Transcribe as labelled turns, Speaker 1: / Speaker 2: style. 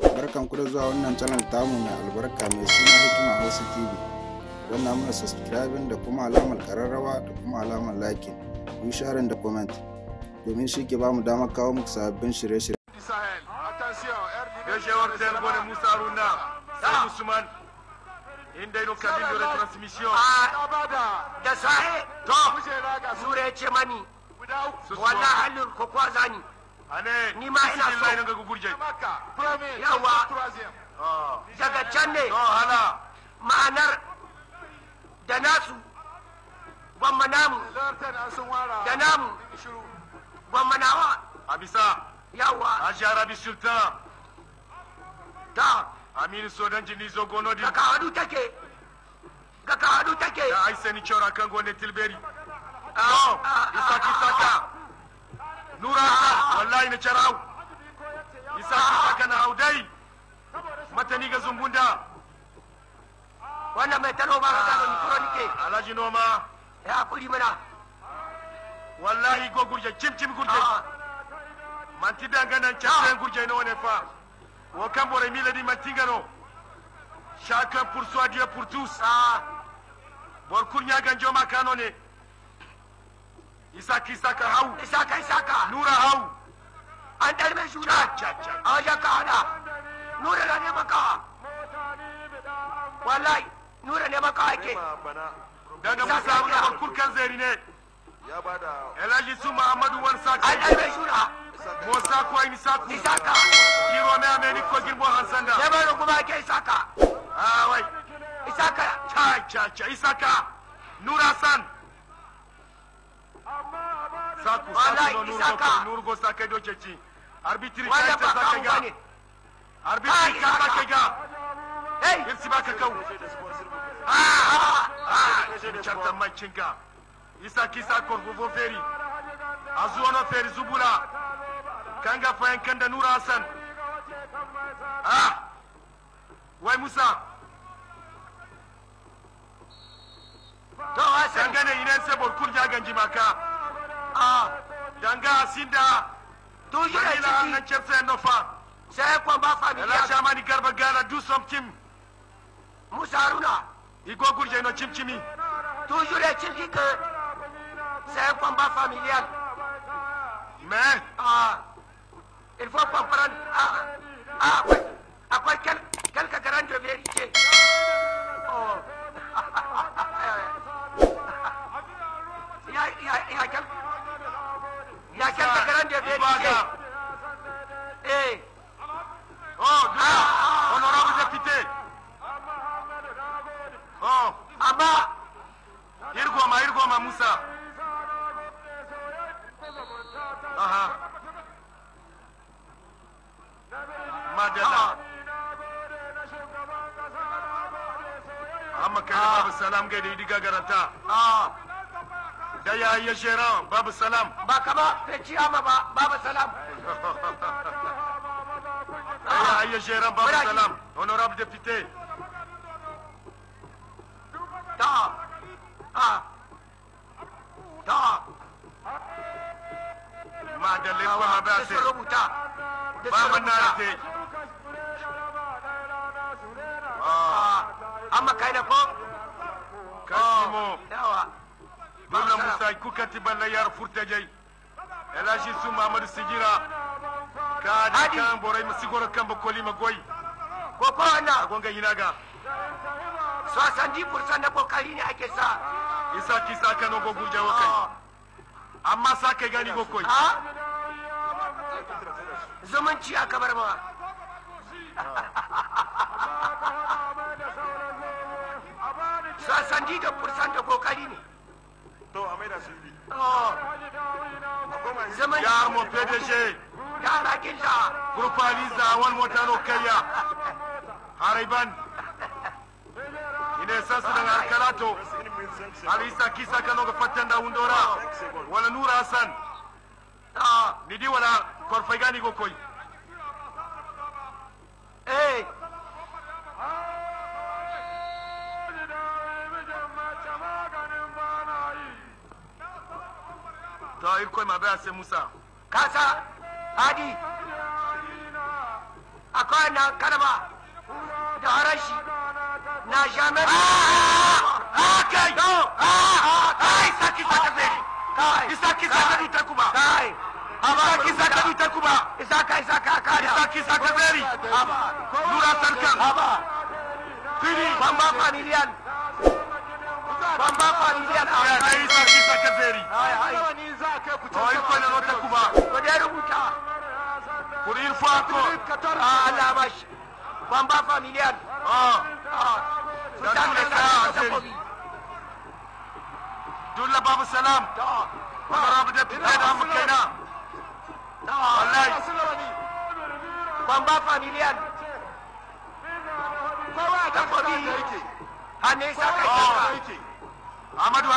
Speaker 1: barkan ku da zuwa wannan channel tamu mai albarka mai suna hikima hausa tv wannan muna subscribing da kuma alamar kararrawa da kuma alamar liking kun share da comment domin shi ke bamu damar kawo muku sababbin shirye-shirye inda ino kabin dole transmission da sahe to zure ce mani wannan halin ko kwa zani ni ma ina so yawa ah. daga can ne ah, ma'anar da nasu gwamma namu da namu gwamma nawa yawa a ta aminu sodan jini kawadu take kawadu take kan tilberi ah. oh, isa kisa wallahi na carau isa haka na haudai matani ga zumbunda wannan mai ta noma ka gano mikro nike ah, alhaji noma ya hakuri mana wallahi go gurje cim cim gurje ah. manti danganan can gurje ah. no ne fa Wa kan bore miladi mantingano chacun pour soi Dieu pour tous bor kurnya ganjo kano ne isaka isaka hau isaka isaka nura hau अंदर में चूल्हा आजा कहाना नूर ने मका वालाई नूर ne maka ake da da musa muna kurkan zari Ela ya bada elaji su muhammadu wan saka alai bai shura musa ko ni saku saka kiro me ameni ko girbo hansanda ya bada kuma ake saka ah wai isaka cha cha cha isaka nura san saku saku nuru gosta kedo chechi arbitri ka ta zaka ga arbitri ka zaka ga hey irsi baka kau ah ah charta machinga isa kisa korvo feri azuona feri zubula kanga fayan kanda nura hasan ah wai musa to gane kurja ganji maka ah danga asinda Toujours est-il qu'il c'est un combat familial. Ela Chamani Garba Gara do something. Moussa Haruna. Igo Gourje no Chimchimi. Toujours est-il que c'est un combat familial. Mais ah, il faut comprendre. Ah, ah, baka. Eh. Oh, ah, honorable député. Oh, amma irgoma irgoma Musa. Aha. Amma kai salam Ah. يا يا جيران باب السلام با كما فيتشي اما با باب السلام يا يا جيران باب السلام اونوراب ديبيتي تا ها تا ما دلي بو هباسي تا با مناتي اما كاينه فوق كاينه dole musa kuka ti balle yar furta jai elashi su mamadu sigira ka da kan borai mu sigoro kan ba koli ma goyi ko ko ana gonga hinaga sosan di furta na kokari ne ake sa isa ki sa kan go gurje kai amma sa kai gani go koi zumunci aka bar ma sosan di da furta da kokari ne to a maida su bi yar mo pdg yara kinta kurfaliza wal motano kayya hariban ine sasa daga arkalato alisa kisa kano ga fatanda undora wala nura hasan nidi wala korfaigani gokoi, eh eu koi ma bra musa kasa hadi akwai na kalma da harashi na jamar saki saka zai isaki saka duta kuma isaki saka duta kuma isaki saka zai fili wannan wata kuma ba da rubuta kurir fako a labash ban ba familiar sultan da kasa sabobi dulla babu salam mara bu da fitai da mu kaina wallahi ban ba familiar kowa da kwabi hannun sa kai Ahmadu